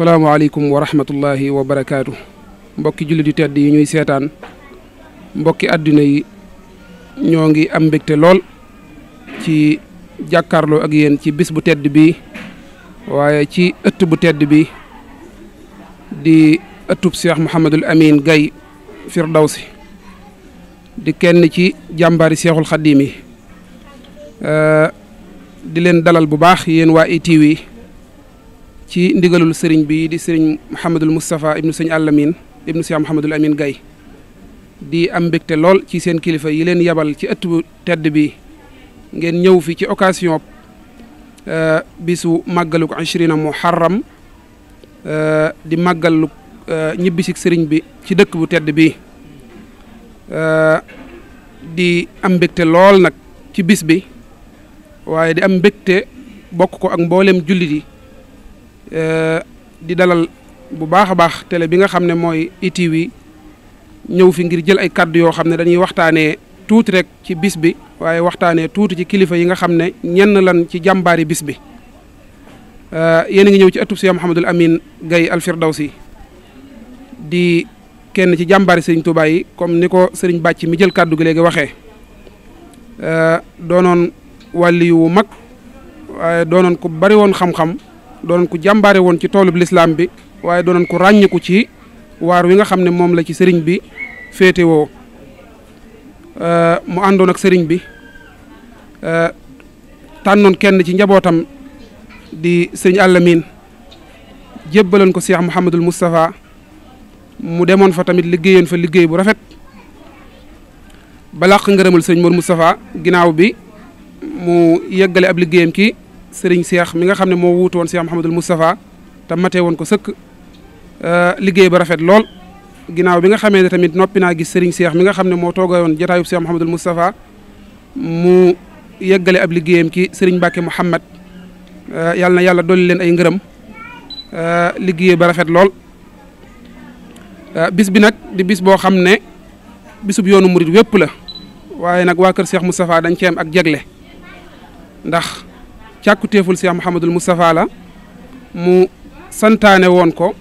asalaamaaleykum wa rahmatullahi wa barakaatu mbokki jullit di tedd yi ñuy seetaan mbokki àddina yi ñoo ngi am mbégte lool ci jàkkaarloo ak yéen ci bis bu tedd bi waaye ci ëtt bu tedd bi di ëttub Cheikh Mouhamadul Amin Gaye si di kenn ci jàmbaari Cheikhul Xadim yi di leen dalal bu baax yéen waa ITV ci ndigalul sëriñ bi di sëriñ Mouhamadul mustafa ibnu sëñ Alamin ibnu sëñ Mouhamadul Amin Gaye di am mbégte lool ci seen kilifa yi leen yabal ci ëtt bu tedd bi ngeen ñëw fi ci occasion euh, bisu màggaluk ashrina muharram euh, di màggaluk euh, ñibbisik sëriñ bi ci dëkk bu tedd bi di am mbégte lool nag ci bis bi waaye di am mbégte bokk ko ak mboolem jullit yi Eh, di dalal bu baax a baax tele bi nga xam ne mooy ITV ñëw fi ngir jël ay kàddu yoo xam ne dañuy waxtaanee tuuti rek ci bis bi waaye waxtaanee tuuti ci kilifa yi nga xam ne ñenn lan ci jàmbaari bis bi eh, yéen a ngi ñëw ci ëttub Cheikh Mouhamadul Amin Gaye Al Firdawsi di kenn ci jàmbaari Serigne Touba yi comme ni ko sëriñ Serigne ci mi jël kàddu gi léegi waxee eh, doonoon wàlli mag waaye doonoon ku bari woon xam-xam doon ku jàmbaare woon ci toolu bi lislaam bi waaye doonoon ku ràññiku ci waar wi nga xam ne moom la ci sëriñ bi féete woo mu àndoon ak sëriñ bi tànnoon kenn ci njabootam di sëriñ Alamin jébbaloon ko Cheikh Mouhamadul Moustapha mu demoon fa tamit liggéeyoon fa liggéey bu rafet balaq ngërëmal sëriñ Mor Moustapha ginnaaw bi mu yeggale ab liggéeyam ki sëriñ Cheikh mi nga xam ne moo wuutu woon Cheikh Mouhamadul Moustapha te matee woon ko sëkk euh, liggéey ba rafet lool ginnaaw bi nga xamee ne tamit noppi naa gis sëriñ Cheikh mi nga xam ne moo toogee woon jotaayub Cheikh Mouhamadul Moustapha mu yeggale ab liggéeyam ci sëriñ Mbacke Mouhamad euh, yàlla na yàlla dolli leen ay ngërëm euh, liggéey ba rafet lool bis bi nag di bis boo xam ne bisub yoonu murit wépp la waaye nag waa seex Cheikh Moustapha dañ cee ak jegle ndax. càkkutéeful Cheikh Mouhamadul Moustapha la mu santaane woon ko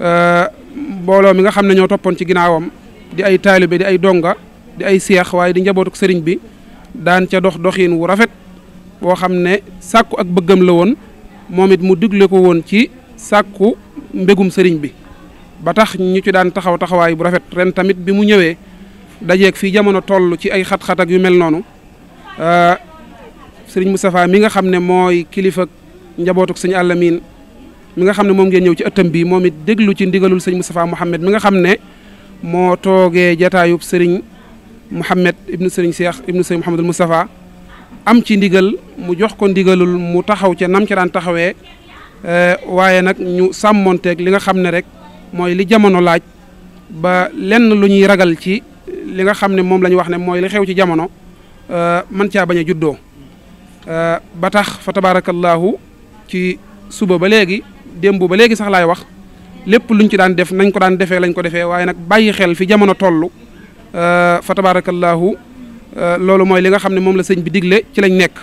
euh, mbooloo mi nga xam ne ñoo toppoon ci ginnaawam di ay taalibe di ay donga di ay seex waaye di njabootuk sëriñ bi daan ca dox doxiin wu rafet boo xam ne sàkku ak bëggam la woon moom it mu digle ko woon ci sàkku mbégum sëriñ bi ba tax ñu ci daan taxaw taxawaay bu rafet ren tamit bi mu ñëwee dajeeg fii jamono toll ci ay xat-xat ak yu mel noonu euh, sëriñ Moustapha mi nga xam ne mooy kilifa njabootuk sëñ Alamin mi nga xam ne moom ngeen ñëw ci ëttam bi moom it déglu ci ndigalul sëñ Moustapha Mouhamed mi nga xam ne moo toogee jataayub sëriñ Mouhamed ibnu sëriñ Cheikh ibnu sëriñ Mouhamadul Moustapha am ci ndigal mu jox ko ndigalul mu taxaw ca nam ca daan taxawee eh, waaye nag ñu sàmmonteeg li nga xam ne rek mooy li jamono laaj ba lenn lu ñuy ragal ci li nga xam ne moom la ñu wax ne mooy li xew ci jamono eh, man caa bañ a juddoo ba tax fa tabaarakallaahu ci suba ba léegi démb ba léegi sax laay wax lépp luñ ci daan def nañ ko daan defee lañ ko defee waaye nag bàyyi xel fi jamono toll euh, fa tabaarakallaahu euh, loolu mooy li nga xam ne moom la sëñ bi digle ci lañ nekk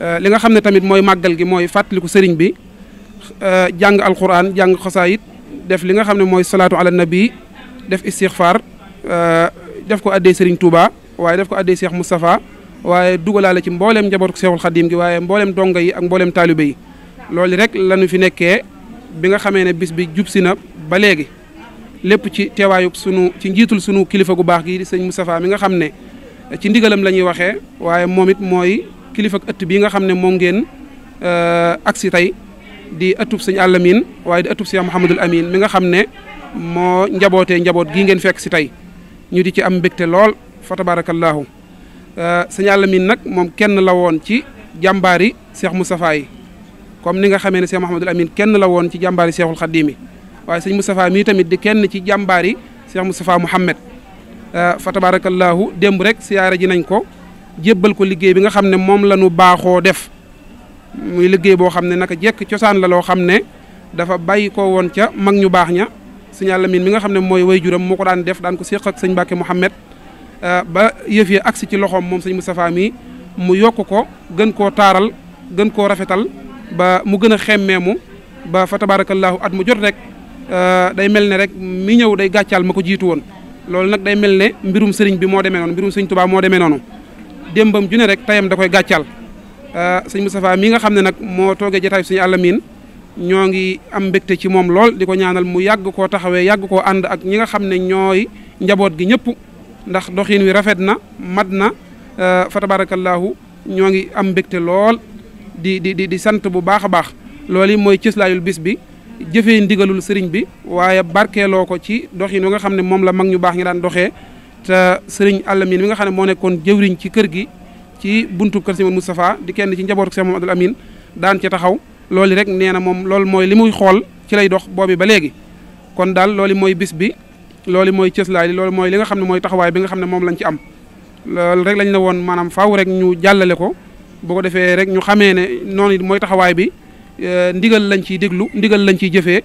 euh, li nga xam ne tamit mooy màggal gi mooy fàttaliku sëriñ bi jàng alquran jàng xasaayit def li nga xam ne mooy salaatu ala nabi def istixfaar def ko addee sëriñ Touba waaye def ko addee Cheikh Moustapha waaye dugalaale ci mbooleem njabootu Seexul Xadiim gi waaye mbooleem donga yi ak mbooleem taalibe yi loolu rek lañu fi nekkee bi nga xamee ne bis bi jub si na ba léegi lépp ci teewaayub sunu ci njiitul sunu kilifa gu baax gi di sëñ Moustapha mi nga xam ne ci ndigalam la ñuy waxee waaye moom it mooy kilifa ëtt bi nga xam ne moom ngeen euh, agsi tey di ëttub sëñ Alamin waaye di ëttub sëñ Mouhamadul Amin mi nga xam ne moo njabootee njaboot gii ngeen fekk si tey ñu di ci am mbégte lool fa tabaarakallaahu Euh, sëñ Alamine nag moom kenn la woon ci jàmbaari Cheikh Moustapha yi comme ni nga xamee ne Cheikh Mouhamadul Amine kenn la woon ci jàmbaari Cheikhul Khadim mi waaye sëñ Moustapha mii tamit di kenn ci jàmbaari Cheikh Moustapha Mouhamed euh, fa tabarakallahu démb rek siyaare ji nañ ko jébbal ko liggéey bi nga xam ne moom la ñu baaxoo def muy liggéey boo xam ne naka jekk cosaan la loo xam ne dafa bàyyi ko woon ca mag ñu baax ña sëñ Alamine mi nga xam ne mooy way juram mu ko daan def daan ko séq ak sëñ Mbàkke Mouhamed Euh, ba yëf yi agsi ci loxoom moom sëñ Moustapha mii mu yokk ko gën koo taaral gën koo rafetal ba mu gën a xemmee mu ba fa tabaarakallaahu at mu jot rek euh, day mel ne rek mi ñëw day gàccaal ma ko jiitu woon loolu nag day mel ne mbirum sëriñ bi moo demee noonu mbirum sëriñ Tuubaa moo demee noonu démbam ju ne rek tayam da koy gàccaal euh, sëñ Moustapha mi nga xam ne nag moo toogee jataay suñu àllamiin ñoo ngi am mbégte ci moom lool di ko ñaanal mu yàgg koo taxawee yàgg koo ànd ak ñi nga xam ne ñooy njaboot gi ñëpp ndax doxin wi rafet na mat na euh, fa tabaarakallaahu ñoo ngi am mbégte lool di di di sant bu baax a baax loolu yi mooy cëslaayul bis bi jëfee ndigalul sëriñ bi waaye barkeeloo ko ci doxin wi nga xam ne moom la mag ñu baax ñi daan doxee te sëriñ Alamin mi nga xam ne moo nekkoon jëwriñ ci kër gi ci buntu kër Sëriñ Moustapha di kenn ci njabootu Sëriñ Mamadou Amin daan ci taxaw loolu rek nee na moom loolu mooy li muy xool ci lay dox boobi ba léegi kon daal looli mooy bis bi loolu mooy cëslaay li loolu mooy li nga xam ne mooy taxawaay bi nga xam ne moom lañ ci am loolu rek lañ ne woon maanaam faaw rek ñu jàllale ko boo ko defee rek ñu xamee ne noonu it mooy taxawaay bi euh, ndigal lañ ciy déglu ndigal lañ ciy jëfee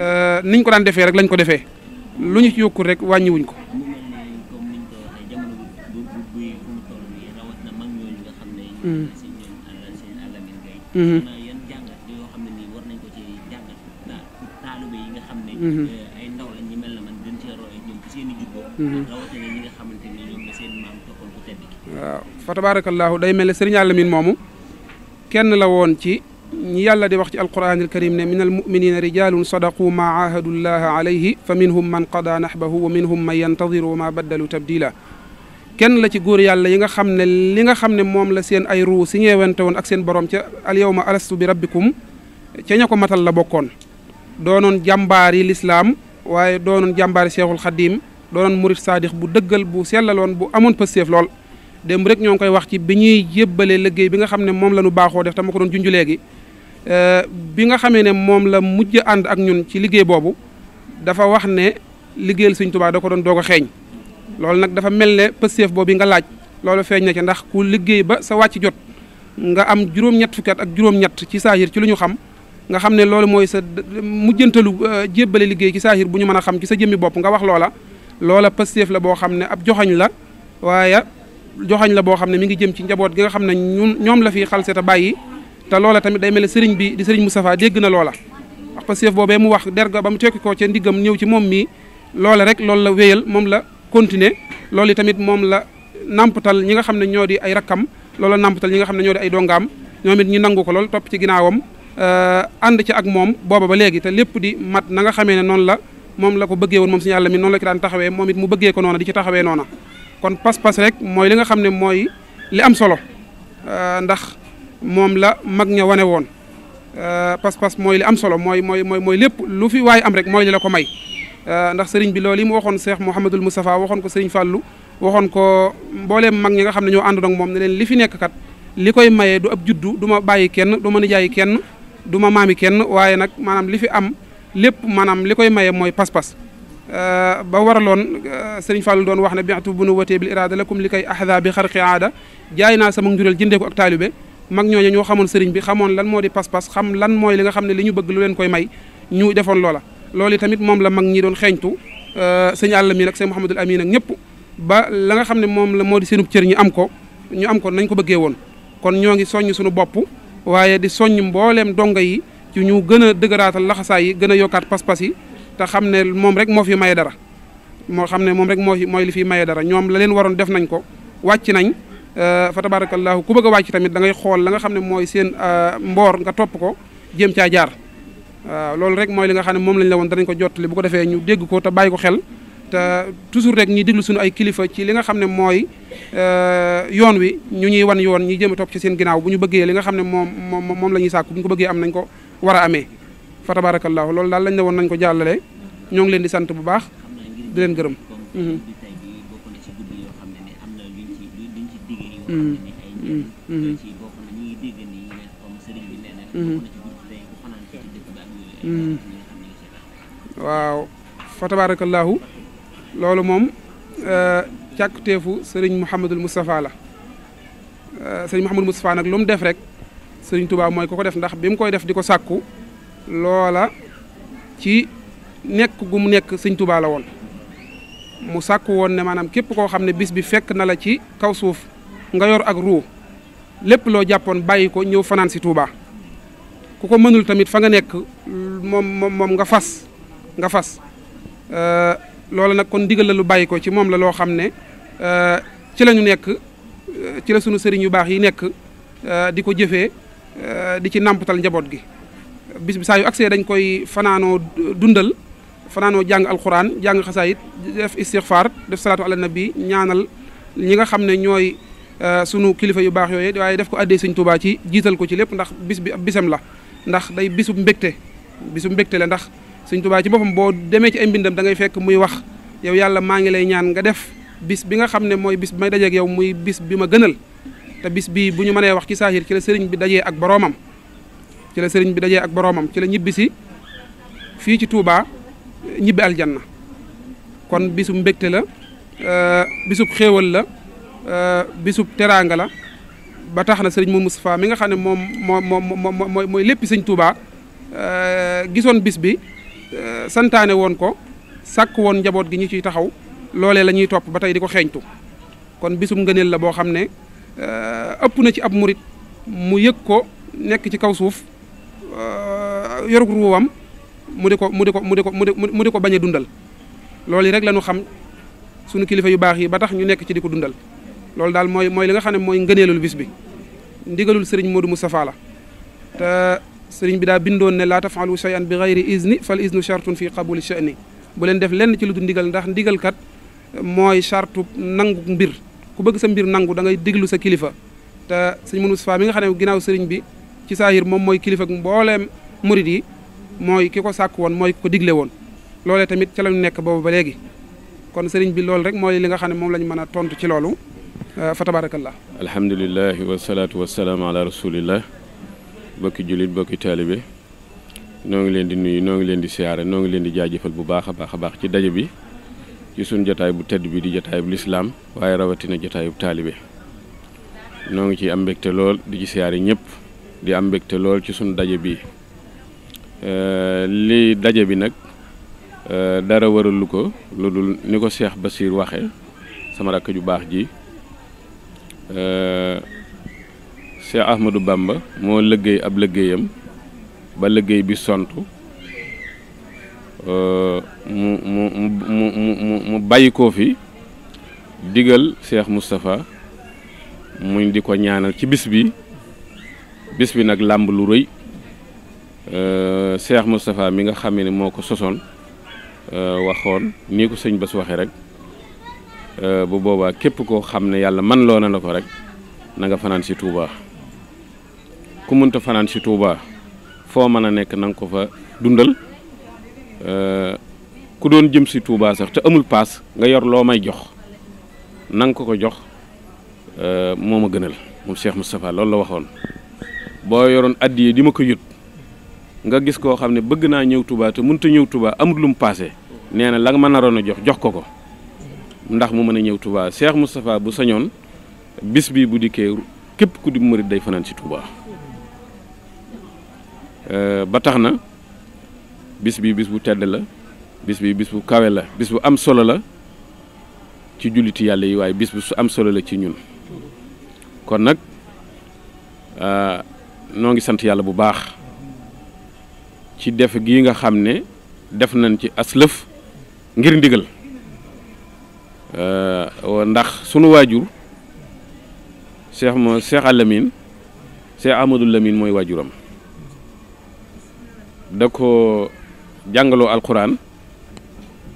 euh, niñ ko daan defee rek lañ ko defee lu ñu ci yokkul rek wàññiwuñ ko. yan hmm. ko hmm. hmm. rawatina ñi nga day mel ne sëriñ Alamin moomu kenn la woon ci ñi yàlla di wax ci alquran alkarim ne min almuminina rijalun sadaqu maa aahadu llaha alayhi fa minhum man qada nahbahu wa minhum man yantadiru wa maa baddalu tabdila kenn la ci góor yàlla yi nga xam ne li nga xam ne moom la seen ay ruu si ñeewante woon ak seen borom ca alyawma alastu bi rabbikum ca ko matal la bokkoon doonoon jàmbaari lislaam waaye doonoon jàmbaari cheikhul xadim doonoon murit saadix bu dëggal bu sellaloon bu amoon pësteef lool démb rek ñoo ngi koy wax ci bi ñuy yébbale liggéey bi nga xam ne moom la ñu baaxoo def tama ko doon junj léegi euh, bi nga xamee ne moom la mujj ànd ak ñun ci liggéey boobu dafa wax ne liggéeyal Sëñ Tuubaa da ko doon doog a xeeñ loolu nag dafa mel ne pësteef boobu nga laaj loolu feeñ ne ci ndax ku liggéey ba sa wàcc jot nga am juróom-ñett fukki ak juróom-ñett ci saahir ci lu ñu xam nga xam ne loolu mooy sa mujjantalu euh, jébbale liggéey ci saahir bu ñu mën a xam ci sa jëmmi bopp nga wax loola pësteef la boo xam ne ab joxañ la waaye joxañ la boo xam ne mi ngi jëm ci njaboot gi nga xam ne ñun ñoom la fi xalse te bàyyi te loola tamit day mel ne sëriñ bi di sëriñ Moustapha dégg na loola wax pësteef boobee mu wax der ga ba mu tekki ci ca ndiggam ñëw ci moom mii loola rek loolu la wéyal moom la continuer loolu tamit moom la nàmpatal ñi nga xam ne ñoo di ay rakkam loola nàmpatal ñi nga xam ne ñoo ay dongam ñoom it ñu nangu ko lool topp ci ginnaawam euh, ànd ci ak moom booba ba léegi te lépp di mat na nga xamee ne noonu la moom la ko bëggee woon moom suñu yàlla mi noonu la ko daan taxawee moom it mu bëggee ko noona di ci taxawee noona kon pas-pas rek mooy li nga xam ne mooy li am solo euh, ndax moom la mag ña wane woon euh, pas-pas mooy li am solo mooy mooy mooy mooy lépp lu fi waaye am rek mooy li la ko may euh, ndax sëriñ bi loolu yi mu waxoon Seex Mouhamadul Moustapha waxoon ko sëriñ Fàllu waxoon ko mbooleem mag ñi nga xam ne ñoo àndoon ak moom ne leen li fi nekk kat li koy maye du ab juddu du ma bàyyi kenn du ma nijaayi kenn du ma maami kenn waaye nag maanaam li fi am lépp maanaam li koy maye mooy pas-pas euh, ba waraloon euh, sëriñ Fallou doon wax ne biatu bu nu watee bil iraada lakum li koy ahda bi xarqi aada jaay naa sama njureel jëndee ko ak taalibe mag ñooñu ñoo xamoon sëriñ bi xamoon lan moo di pas-pas xam lan mooy li nga xam ne li ñu bëgg lu leen koy may ñu defoon tamit moom la mag ñi doon xeeñtu sëñ àll mi nag sëñ Mouhamadul Amin ak ñëpp ba la nga xam ne moom la moo di seenub cër ñu am ko ñu am ko nañ ko bëggee woon kon ñoo ngi soññ suñu bopp waaye di soññ mbooleem donga yi ci ñu gën a dëgëraatal laxasaay yi gën a yokkaat pas-pas yi te xam ne moom rek moo fi maye dara moo xam ne moom rek moo mooy li fi maye dara ñoom la leen waroon def nañ ko wàcc nañ euh, fa tabaarakallaahu ku bëgg a wàcc tamit da ngay xool la nga xam ne mooy seen euh, mboor nga topp ko jéem caa jaar waaw loolu rek mooy li nga xam ne moom lañ la woon danañ ko jottali bu ko defee ñu dégg ko te bàyyi ko xel te toujours rek ñuy suñu ay kilifa ci li nga xam ne mooy euh, yoon wi ñu yoon ñi jéem a topp ci seen bu ñu bëggee li nga xam ne moom moom moom la ñuy sàkku bu ñu ko bëggee am nañ ko war a amee fa tabaarakallaahu loolu daal lañ ne woon nañ ko jàllale ñoo ngi leen di sant bu baax di leen gërëm waaw fa tabaarakallaahu loolu moom euh, sëriñ Mouhamadul Moustapha la euh, sëriñ Mouhamadul Moustapha nag lu mu def rek sëriñ Tuubaa mooy ko ko def ndax bi mu koy def di ko sàkku loola ci nekk gu mu nekk sëñ Tuubaa la woon mu sàkku woon ne maanaam képp koo xam ne bis bi fekk na la ci kaw suuf nga yor ak ruu lépp loo jàppoon bàyyi ko ñëw fanaan si Tuubaa ku ko mënul tamit fa nga nekk moom moom nga fas nga fas euh, loola nag kon ndigal la lu bàyyi ko ci moom la loo xam ne euh, ci la ñu nekk euh, ci la sunu sëriñ yu baax yi nekk di ko jëfee Euh, di ci nàmpatal njaboot gi bis bi saa yu agsee dañ koy fanaanoo dundal fanaanoo jàng alxuraan jàng xasaayit def istixfaar def salaatu ala nabi ñaanal ñi nga xam ne ñooy euh, sunu kilifa yu baax yooyu waaye def ko addee sëñ Tuubaa ci jiital ko ci lépp ndax bis bi ab bisam la ndax day bisu mbégte bisub mbégte la ndax sëñ Tuubaa ci boppam boo demee ci ay mbindam da fekk muy wax yow yàlla maa ngi lay ñaan nga def bis bi nga xam ne mooy bis bi may dajeeg yow muy bis bi ma gënal te bis bii bu ñu manee wax ci saahir ci la sëriñ bi dajee ak boroomam ci la sëriñ bi dajee ak boroomam ci la ñibbi si fii ci Touba ñibbi aljanna kon bisub mbégte la euh, bisub xéewal la euh, bisub teraanga la ba tax na sëriñ mu Moustapha mi nga xam ne moom moo mooy mooy lépp sëñ Touba euh, gisoon bis bi santaane woon ko sàkk woon njaboot gi ñu ciy taxaw loolee la ñuy topp ba tey di ko xeeñtu kon bisum ngëneel la boo xam ne Euh, ëpp na ci ab murit mu yëg ko nekk ci kaw suuf euh, yorug ruwam mu di ko mu di ko mu di ko mu di ko bañ a dundal loolu yi rek la ñu xam sunu kilifa yu baax yi ba tax ñu nekk ci di ko dundal loolu daal mooy mooy li nga xam ne mooy ngëneelul bis bi ndigalul sëriñ Modou Moustapha la te sëriñ bi daa bindoon ne laata tafalu shay'an bi gayri izni fal iznu shartun fi qabuli sha'ni bu leen def lenn ci lu du ndigal ndax ndigalkat mooy chartu nangu mbir ku bëgg sa mbir nangu dangay ngay sa kilifa te sëñ Mounou Moustapha mi nga xam ne ginnaaw sëriñ bi ci saahir moom mooy kilifa ak mbooleem murid yi mooy ki ko sàkk woon mooy ko digle woon loolee tamit ca lañu nekk boobu ba léegi kon sëriñ bi loolu rek mooy li nga xam ne moom la mën a tontu ci loolu euh, fa tabarakallah alhamdulilah wasalaatu wasalaam ala rasulillah bokki jullit bokki taalibe noo ngi leen di nuyu noo ngi leen di siyaare noo ngi leen di jaajëfal bu baax a baax ci daje bi ci suñ jotaay bu tedd bi di jotaay bu lislaam waaye rawatina jotaayub bu taalibe noo ngi ci am mbégte lool di ci siyaare ñëpp di am mbégte lool ci suñ daje bi li daje bi nag dara waralu ko lu dul ni ko Cheikh Basir waxe sama rakk ju baax ji Cheikh Ahmadou Bamba moo liggéey ab liggéeyam ba liggéey bi sontu mu mu mu mu mu bàyyi koo fi digal Cheikh Moustapha muñ di ko ñaanal ci bis bi bis bi nag làmb lu rëy euh, Cheikh Moustapha mi nga xam ne moo ko sosoon euh, waxoon nii ko sëñ Bass waxee rek euh, bu boobaa képp koo xam ne yàlla man loo na la ko rek na nga fanaan si Touba ku mënta fanaan si Touba foo mën a nekk nanga nga ko fa dundal. Euh, ku doon jëm si Touba sax te amul paas nga yor loo may jox na nga ko ko jox euh, moo ma gënal moom Cheikh Moustapha loolu la waxoon boo yoroon addiye di ma ko yut nga gis koo xam ne bëgg naa ñëw Touba te mënut a ñëw Touba amul lu mu paase nee na la nga ma naroon a jox jox ko ko ndax mu mën a ñëw Touba Cheikh Moustapha bu sañoon bis bi bu dikkee képp ku di murit day fanaan si Touba euh, ba tax na. bis bi bis bu tedd la bis bi bis bu kawe la bis bu am solo la ci julliti yàlla yi waaye bis bu am solo la ci ñun kon nag noo ngi sant yàlla bu baax ci def gi nga xam ne def nañ ci aslëf ngir ndigal ndax sunu waajur seex mo seex alamin seex Amadou Lamine mooy waajuram da ko jàngaloo alxuraan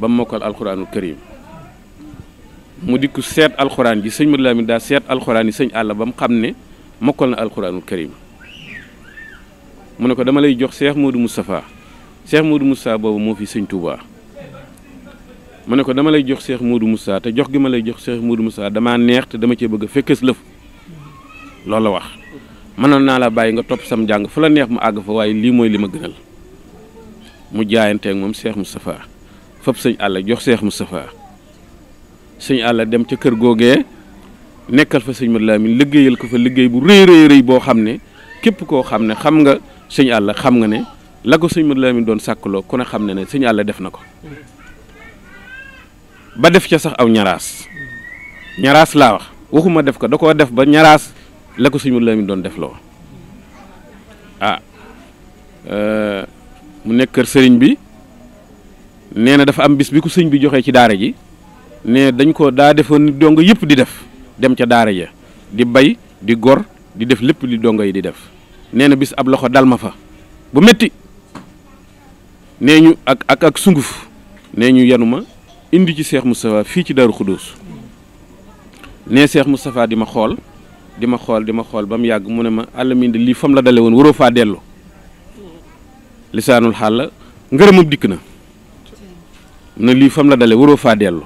ba mokkal alxuraanul karim mu di ko seet alxuraan ji sëñ Modou Lamine daa seet alxuraan yi sëñ àll ba mu xam ne mokkal na alxuraanul karim mu ne ko dama lay jox seex Modou Moustapha Cheikh Modou Moustapha boobu moo fi sëñ Touba mu ne ko dama lay jox seex Modou Moustapha te jox gi ma lay jox Cheikh Modou Moustapha damaa neex te dama cee bëgg a fekkes lëf loolu la wax mënoon naa la bàyyi nga topp sam jàng fu la neex mu àgg fa waaye lii mooy li ma gënal mu jaayanteeg moom mu Moustapha fab sëñ àlla jox seex mu Moustapha sëñ àlla dem ca kër googee nekkal fa sëñ Madu Lamin liggéeyal ko fa liggéey bu rëy rëy boo xam ne képp koo xam ne xam nga sëñ àlla xam nga ne la ko sëñ Madu Lamin doon sàkkloo ku ne xam ne ne sëñ àlla def na ko ba def ca sax aw ñaraas ñaraas laa wax waxuma def ko da koo def ba ñaraas la ko sëñ Madu Lamin doon def loo ah euh, mu nekk kër sëriñ bi nee na dafa am bis bi ku sëñ bi joxee ci daara ji ne dañ ko daa defoon dongo yëpp di def dem ca daara ja di bay di gor di def lépp li dongo yi di def nee na bis ab loxo dal ma fa bu metti nee ñu ak ak ak sunguf nee ñu yanu ma indi ci Cheikh Moustapha fii ci Daaru Xudóos nee Cheikh Moustapha di ma xool di ma xool di ma xool ba mu yàgg mu ne ma àll mi lii fam la dale woon waroo faa dellu lisaanul xaal la ngërëmam dikk na na lii fam la dale waroo faa dellu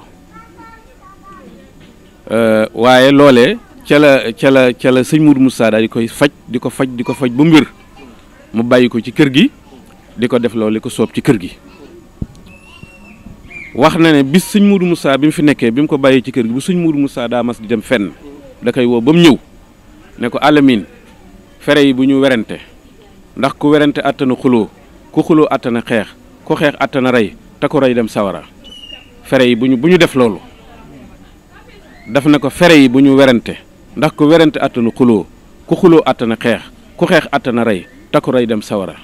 euh, waaye loole ca la ca la ca la sëñ Mourou Moussa daal di koy faj di ko faj di ko faj ba mu wér mu bàyyi ko ci kër gi di ko def loolu ko soob ci kër gi wax na ne bi suñ Mourou Moussa bi mu fi nekkee bi mu ko bàyyi ci kër gi bu sëñ Mourou Moussa daa mas di dem fenn da koy woo ba mu ñëw ne ko alamin fere yi bu ñu werante ndax ku werante àttana xuloo ku xuloo àttana xeex ku xeex àttana rey te ku dem sawara fere yi bu ñu bu ñu def loolu daf na ko fere yi bu ñu werante ndax ku werante àttanu xuloo ku xuloo àttana xeex ku xeex àttana rey te ku rey dem sawara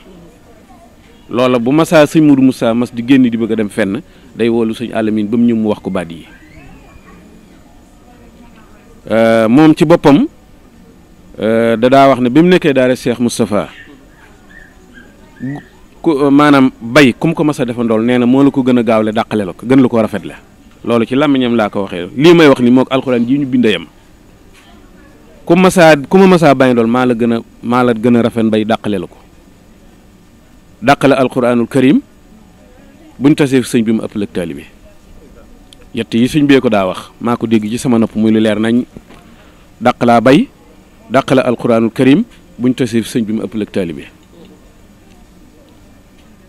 loola bu masaa sëñ Mourou musaa mas di génn di bëgg a dem fenn day woolu suñu alamin ba mu ñëw mu wax ko baat yi euh, moom ci boppam euh, da daa wax ne bi mu nekkee daara Cheikh Moustapha ku euh, maanaam bay kum ko mas a defandool nee na moo la ko gën a gaawle dàqale la ko gën la ko rafetle loolu ci làmmiñam laa ko waxee lii may wax ni moo ko alxuraan jii ñu bind yam ku masaa ku ma masaa bañdool maa la gën a maa la gën a rafet bay dàqale la ko dàqale alxuraanul karim buñ tasee sëñ bi mu ëpp lëg taalibe yett yi suñ bee daa wax maa dégg ci sama nopp muy lu leer nañ dàq laa bay dàq la alxuraanul karim buñ tasee sëñ bi mu ëpp lëg taalibe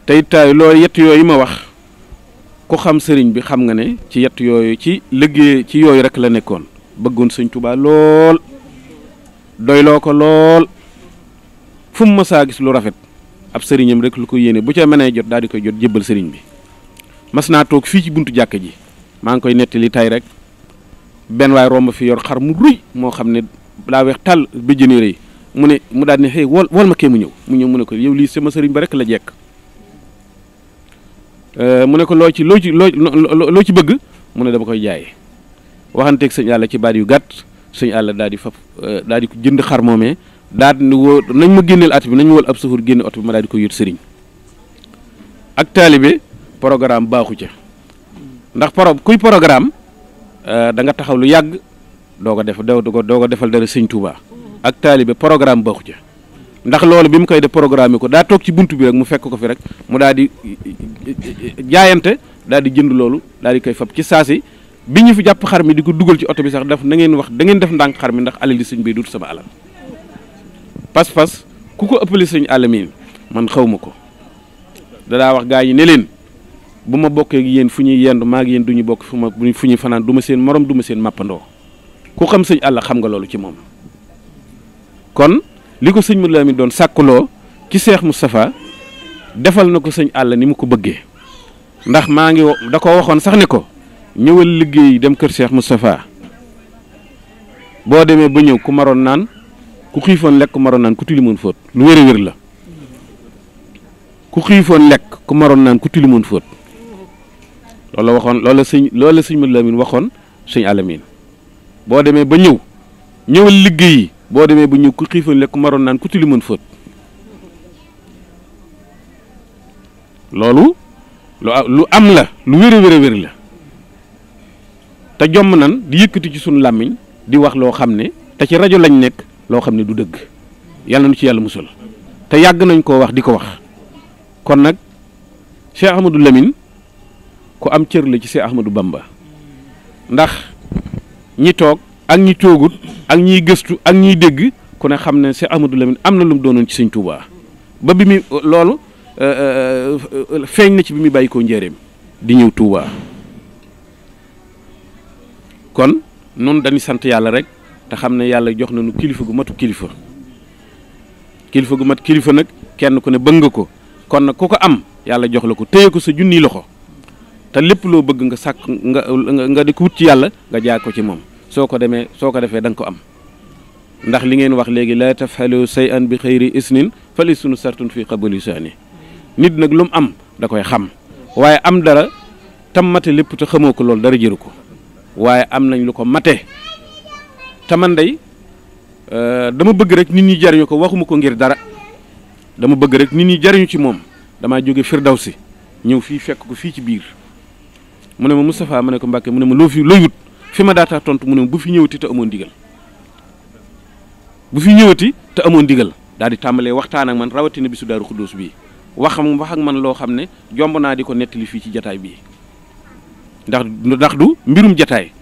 tey taay euh, loolu yett yooyu ma wax ku xam sëriñ bi xam nga ne ci yett yooyu ci liggéey ci yooyu rek la nekkoon bëggoon sëñ Tuubaa lool doyloo ko lool fu mu mësaa gis lu rafet ab sëriñam rek lu ko yéene bu ca mënee jot daal di koy jot jébbal sëriñ bi mas naa toog fii ci buntu jàkk ji maa ngi koy nettali tay rek benn waay romb fi yor xar mu ruy moo xam ne laa weex tàll bi jëni rëy mu ne mu daal ne xëy wol wol ma kee mu ñëw mu ñëw mu ne ko yow lii sama sëriñ ba rek la jekk Euh, mu ne ko loo ci loo ci loo loo ci bëgg mu ne dama koy jaay waxanteeg sëñ àlla ci baat yu gàtt sëñ àlla daal di fab euh, daal di ko jënd xar moomee daal di woo nañ ma génneel at bi nañ ma wol ab safur génne oto bi ma daal di ko yót sëriñ ak taalibe programme baaxu ca ndax pro kuy programme euh, da nga taxaw lu yàgg doo ko def doo ko doo ko defal dara sëñ Touba ak taalibe programme baaxu ca ndax loolu bi mu koy de programme ko daa toog ci bunt bi rek mu fekk ko fi rek mu daal di jaayante daal di jënd loolu daal di koy fab ci si bi ñu fi jàpp xar mi di ko dugal ci oto bi sax daf na ngeen wax da ngeen def ndànk xar mi ndax alali sëñ bi dut sama alal pas-pas ku ko ëppale sëñ alamin man xaw ma ko dadaa wax gaa yi ne leen bu ma bokkee ak yéen fu ñuy yendu maa ngi yéen du ñu bokk fu ma fu ñuy fanaan du ma seen moroom du ma seen màppandoo ku xam sëñ àll xam nga loolu ci moom li ko sëñ Modou Lamine doon sàkkuloo ci seex Moustapha defal na ko sëñ àll ni mu ko bëggee ndax maa ngi da ko waxoon sax ne ko ñëwal liggéey dem kër seex Moustapha boo demee ba ñëw ku maroon naan ku xiifoon lekk ku maroon naan ku tilimoon fóot lu wér a la ku xiifoon lekk ku maroon naan ku tilimoon fóot loolu la waxoon loolu la sëñ loolu sëñ Modou Lamine waxoon sëñ Alamine boo demee ba ñëw ñëwal liggéey boo demee bu ñu ku xiifoon lekk maroon naan ku tiliman fóot loolu lu am la lu wér a wér la te jomm nan di yëkkati ci sunu làmmiñ di wax loo xam ne te ci rajo lañ nekk loo xam ne du dëgg yàlla nu ci yàlla musal te yàgg nañ koo wax di ko wax kon nag Cheikh Ahmadou Lamine ku am cër la ci Cheikh Ahmadou Bamba ndax ñi toog ak ñi toogut ak ñiy gëstu ak ñiy dégg ku ne xam ne si Amadou Lamine am na lu mu doonoon ci sëñ Touba ba bi muy loolu euh, euh, euh, feeñ na ci bi muy bàyyi ko njëreem di ñëw Touba kon noonu dañuy sant yàlla rek te xam ne yàlla jox nañu kilifa gu matu kilifa kilifa gu mat kilifa nag kenn ku ne bëgg nga ko kon nag ku ko am yàlla jox la ko téye ko sa junniy loxo te lépp loo bëgg nga sàkk nga nga di ko wut ci yàlla nga jaar ko ci moom. soo ko demee soo ko defee da nga ko am ndax li ngeen wax léegi laa tafalu say an bi xëyri isnin fale sunu sartun fii qabali saani nit nag lu mu am da koy xam waaye am dara tam mate lépp te xamoo ko lool dara jëru ko waaye am nañ lu ko mate te man day euh, dama bëgg rek nit ñi jariñu ko waxuma ko ngir dara dama bëgg rek nit ñi jariñu ci moom damaa jóge Firdawsi ñëw fii fekk ko fii ci biir mu ne ma Moustapha ma ne ko Mbàkke mu ne ma loo fi loo yut fi ma daataa tontu mu ne bu fi ñëwati te amoon digal bu fi ñëwati te amoon digal daal di tàmbalee waxtaan ak man rawatina bisu daaru xuddoos bii waxam wax ak man loo xam ne jomb naa di ko nettali fii ci jataay bii ndax ndax du mbirum jataay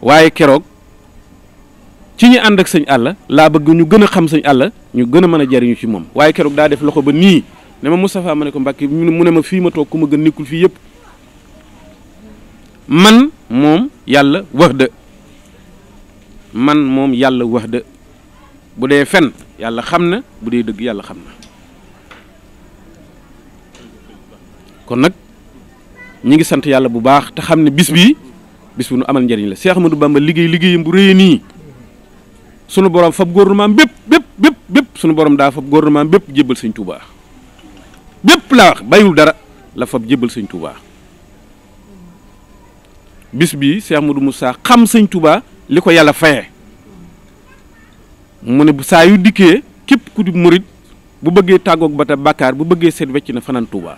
waaye keroog ci ñu ànd ak sëñ àlla laa bëgg ñu gën a xam sëñ àlla ñu gën a mën a jariñu ci moom waaye keroog daa def loxo ba nii ne ma Moustapha ma ne ko Mbàkke mu ne ma fii ma toog ku ma gën nekkul fii yëpp man moom yàlla wax dë man moom yàlla wax dë bu dee fen yàlla xam na bu dee dëgg yàlla xam na kon nag ñi ngi sant yàlla bu baax te xam ne bis bii bis bu nu amal njëriñ la Cheikh Ahmadou Bamba liggéey liggéeyam bu rëy nii sunu borom fab gouvernement bépp bépp bépp bépp sunu borom daa fab gouvernement bépp jébbal sëñ Touba bépp laa wax bàyyiwul dara la fab jébbal sëñ Touba. bis bi Cheikh Modou Moussa xam sëñ Touba li ko yàlla fayee mu ne bu saa yu dikkee képp ku di murit bu bëggee tàggoog ba ta bàkkaar bu bëggee seet wecc na fanaan Touba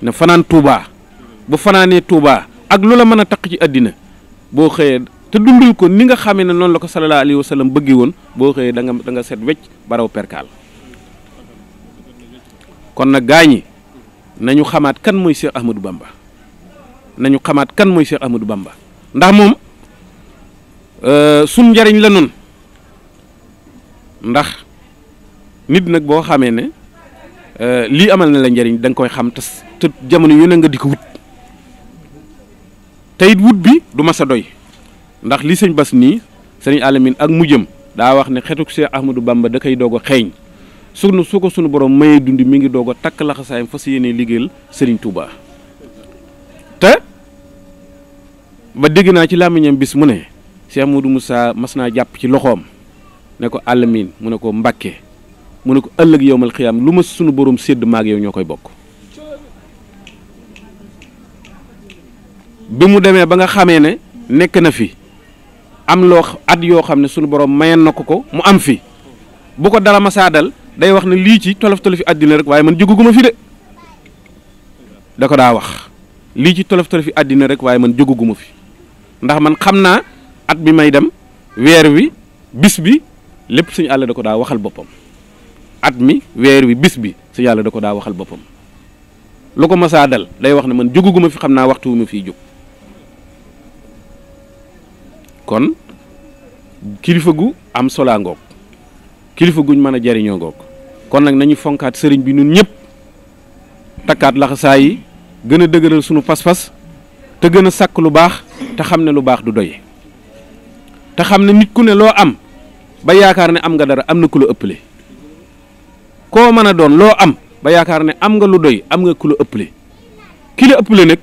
na fanaan Touba bu fanaanee Touba ak lu la mën a taq ci àddina boo xëyee te dundul ko ni nga xamee ne noonu la ko sallallahu alayhi wa sallam bëggee woon boo xëyee danga da nga seet wecc baraw perkaal kon nag gaañi nañu xamaat kan mooy Cheikh Ahmadou Bamba nañu xamaat kan mooy Cheikh Ahmadou Bamba ndax moom euh, suñ njariñ la nun ndax nit nag boo xamee ne euh, lii amal na la njariñ da koy xam te te jamono yu ne nga di ko wut te wut bi du mas a doy ndax li sëñ bas nii sëñ Alamine ak mu jëm daa wax ne xetuk Cheikh Ahmadou Bamba da koy doog a xeeñ sunu su ko sunu borom mayee dund mi ngi doog a takk laxasaayam fas yéene liggéeyal Serigne Touba ba dégg naa ci làmmiñam bis mu ne Cheikh Modou Moussa mas naa jàpp ci loxoom ne ko alamin mu ne ko mbàkke mu ne ko ëllëg yowmal xiyaam lu ma sunu borom sédd maag yow ñoo koy bokk bi mu demee ba nga xamee ne nekk na fi am loo at yoo xam ne sunu borom mayen na ko ko mu am fi bu ko dara masaadal day wax ne lii ci tolof tolofi àddina rek waaye man jógaguma fi de da ko daa wax lii ci tolof tolofi àddina rek waaye man jógaguma fi ndax man xam naa at bi may dem weer wi bis bi lépp suñu àll da ko daa waxal boppam at mi weer wi bis bi suñu yàlla da ko daa waxal boppam lu ko masaa dal day wax ne man jóguguma fi xam naa waxtu wu ma jóg kon kilifa gu am solaa ngoog kilifa guñ mën a jariñoo ngoog kon nag nañu fonkaat sëriñ bi nun ñëpp takkaat laxasaa yi gën a dëgëral sunu pas-pas te gën a sàkk lu baax te xam ne lu baax du doy te xam ne nit ku ne loo am ba yaakaar ne am nga dara am na ku la ëpple koo mën a doon loo am ba yaakaar ne am nga lu doy am nga ku la ëppale ki la ëppale nag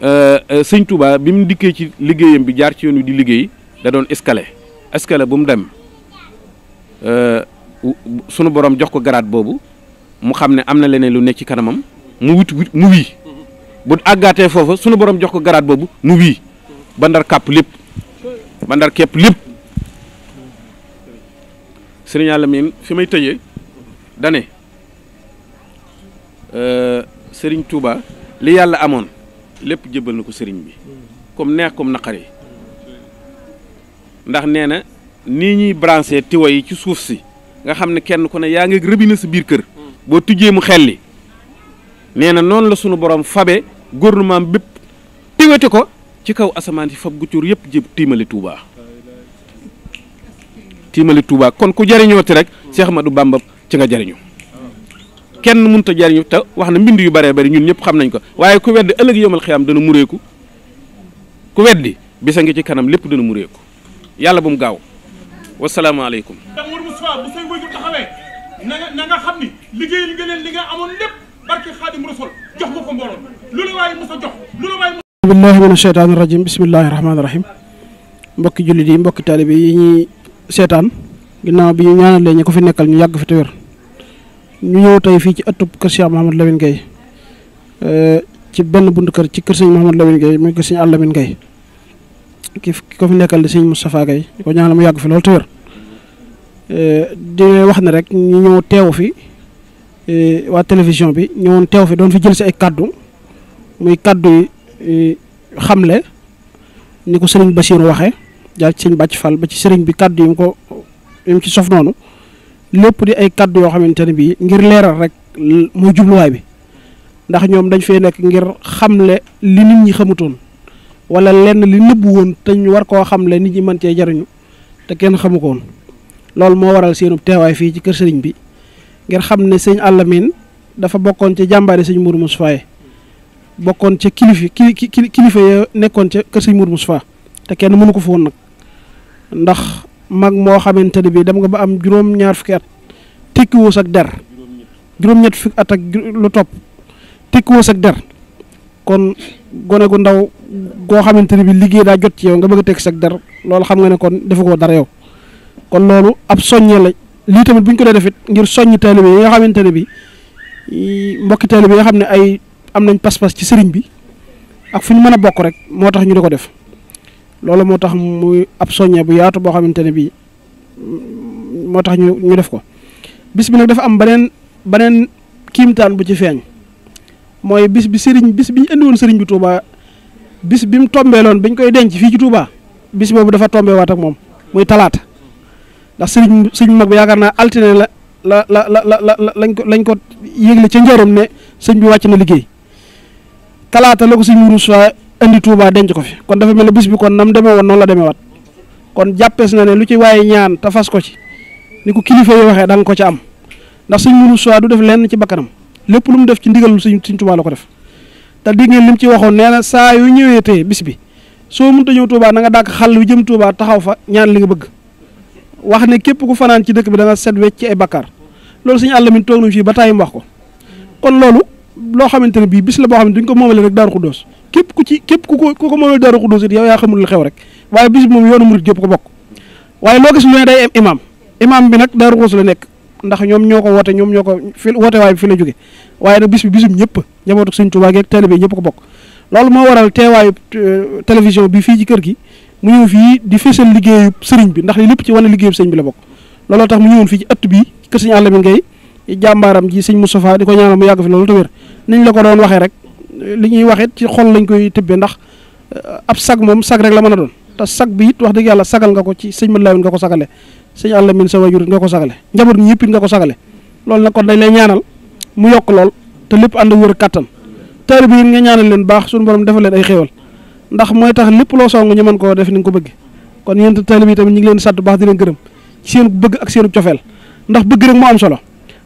euh, euh, sëñ Touba bi mu dikkee ci liggéeyam bi jaar ci yoon wi di liggéey da doon escalier escalier bu mu dem euh, sunu borom jox ko garaat boobu mu xam ne am na leneen lu nekk ci kanamam mu wut mu wii bu àggaatee foofa sunu borom jox ko garaat boobu mu wii ba kàpp lépp bandar ndar képp lépp sëriñ Alamine fi may tëjee dane euh, sëriñ Touba li yàlla amoon lépp jébbal na ko sëriñ bi comme neex comme naqari ndax nee na nii ñuy branché tiwo yi ci suuf si nga xam ne kenn ku ne yaa ngi rëbbi na sa biir kër boo tijjee mu xelli nee na noonu la sunu borom fabe gouvernement bépp tiwete ko ci kaw asamaan ci fab gu cuur yëpp jëm tiimali Touba tiimali tuubaa kon ku jariñooti rek ma du Bamba ci nga jariñu kenn mënut a jariñu te wax na mbind yu bëree bëri ñun ñëpp xam nañ ko waaye ku weddi ëllëg yomal xiyam dana mureeku ku weddi bisa ngi ci kanam lépp dana mureeku yàlla bu mu gaaw wasalaamaaleykum. ndax na nga xam ni liggéeyal nga leen li nga amoon lépp. barke xaadim rasul jox nga ko mbooloo lu la waaye mos a jox bismillahi rahmaani mbokki jullit yi mbokki bi yi ñuy seetaan ginnaaw bi ñu ñaanalee ñi ko fi nekkal ñu yàgg fi te ñu ñëw tey fii ci ëttub kër Cheikh Mouhamed Lamine eh, ci benn bunt kër ci kër sëñ Mouhamed Lamine Gueye muy kër sëñ ki ko fi nekkal di sëñ Moustapha Gueye ko ñaanal mu yàgg fi loolu te wér eh, wax ne rek ñu ñëw teewu fi E, waa télévision bi ñëwoon teew fi doon fi jël si ay kaddu muy kàddu yi e, xamle ni ko sëriñ Bachir waxee jaar ci sëñ Bàcc Fall ci sëriñ bi kaddu yi mu ko yi mu ci sof noonu lépp di ay kaddu yoo xamante ne bii ngir leeral rek muy jubluwaay bi ndax ñoom dañ fee nekk ngir xamle li nit ñi xamutoon wala lenn li nëbbu woon te ñu war koo xamle nit ñi mën cee jariñu te kenn xamu ko woon loolu moo waral seenu teewaay fii ci kër sëriñ bi. ngir xam ne sëñ Alamine dafa bokkoon ca jàmbaari sëñ Mourou Moustapha yi bokkoon ca kilifa kili kilifa nekkoon ca kër sëñ Mourou Moustapha te kenn mënu ko fa woon nag ndax mag moo xamante ne bii dem nga ba am juróom-ñaar fukki at tekkiwoo ak der juróom-ñett fukki at ak lu topp tekkiwoo ak der kon gone gu ndaw goo xamante ne bii liggéey daa jot ci yow nga bëgg a tekki ak der loolu xam nga ne kon defu ko dara yow kon loolu ab soññe la. lii tamit bu ñu ko dee defit ngir soññ taalibe yi nga xamante ne bi mbokki taalibe yi nga xam ne ay am nañ pas-pas ci sëriñ bi ak fu ñu mën a bokk rek moo tax ñu di ko def loolu moo tax muy ab soññe bu yaatu boo xamante ne bi moo tax ñu ñu def ko bis bi nag def am beneen beneen kiimtaan bu ci feeñ mooy bis bi sëriñ bis bi ñu indi woon sëriñ bi Touba bis bi mu tombee loon bi koy denc fii ci Touba bis boobu dafa tombee waat ak moom muy talaat ndax sëriñ sëriñ mag yaakaar naa altine la la la la la lañ ko lañ ko yëgle ca njëram ne sëñ bi wàcc na liggéey talaata la ko sëñ Mourou Sow indi denc ko fi kon dafa mel ne bis bi kon nam demee woon la demee kon jàppees na ne lu ci waaye ñaan te ko ci ni ko kilifa yi waxee da nga ko ca am ndax sëñ Mourou Sow du def lenn ci bakkanam lépp lu mu def ci ndigal sëñ sëñ Touba la ko def te dégg ngeen li mu ci waxoon nee na saa yu ñëwee te bis bi soo mënta ñëw Touba na nga dàkk xàll wi jëm Touba taxaw fa ñaan li nga bëgg. wax ne képp ku fanaan ci dëkk bi da nga set wecc ci ay bakkaar loolu suñu àll mi toog nañu fii ba tàyyim wax ko kon loolu loo xamante ne bii bis la boo xam ne duñ ko moomale rek daaru xuddoos képp ku ci képp ku ko ku ko moomale daaru xuddoos it yow yaa xamul lu xew rek waaye bis bi moom yoonu murit yëpp ko bokk waaye loo gis lu ne bi nag daaru xuddoos la nekk ndax ñoom ñoo ko woote ñoom ñoo ko fi woote waay fi la jóge waaye nag bis bi ñëpp njabootu sëñ Tuubaa geeg taalibe ko bokk loolu moo waral teewaayu euh, télévision bi fii ci kër gi mu ñëw fii di fésal liggéeyu sëriñ bi ndax li lépp ci wane liggéeyu sëñ bi la bokk looloo tax mu ñëwoon fii ci ëtt bi kër sëriñ Alamin Gaye jàmbaaram ji sëñ Moustapha di ko ñaanal mu yàgg fi loolu te wér niñ la ko doon waxee rek li ñuy waxit ci xol lañ koy tëbbee ndax eh, ab sag moom sag rek la mën a doon te sag bi it wax dëgg sagal nga ko ci sëñ Mën Lamin nga ko sagale sëñ Alamin sa wajur nga ko sagale njaboot ñi nga ko sagale loolu nag kon dañ lay ñaanal mu yokk lool te lépp ànd wër kattan taalibe yi nga ñaanal leen baax suñu borom defal leen ay xéewal ndax mooy tax lépp loo song ñu mën koo def ni ko bëgg kon yéen taalibe yi tamit ñu ngi leen sant baax di leen gërëm seen bëgg ak seenu cofeel ndax bëgg rek moo am solo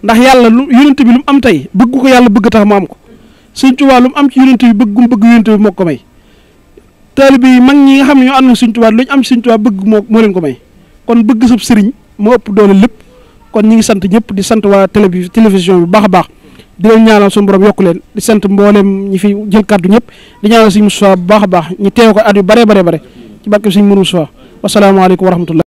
ndax yàlla lu yonent bi lu mu am tey bëgg ko yàlla bëgg tax mu am ko suñ Tuubaa lu mu am ci yonent bi bëgg gum bëgg yonent bi moo ko may taalibe yi mag ñi nga xam ne ñoo ànd na Sëñ Tuubaa lu ñu am ci Sëñ bëgg moo moo leen ko may kon bëgg sab sëriñ moo ëpp doole lépp kon ñu ngi sant ñëpp di sant waa télé télévision bi baax a baax di leen ñaanal suñu borom yokku leen di sant mboolem ñi fi jël kàddu ñëpp di ñaanal suñu Moustapha baax a baax ñu teew ko at yu bëree bare bare ci barke suñu mënu Moustapha wasalaamaaleykum wa rahmatullah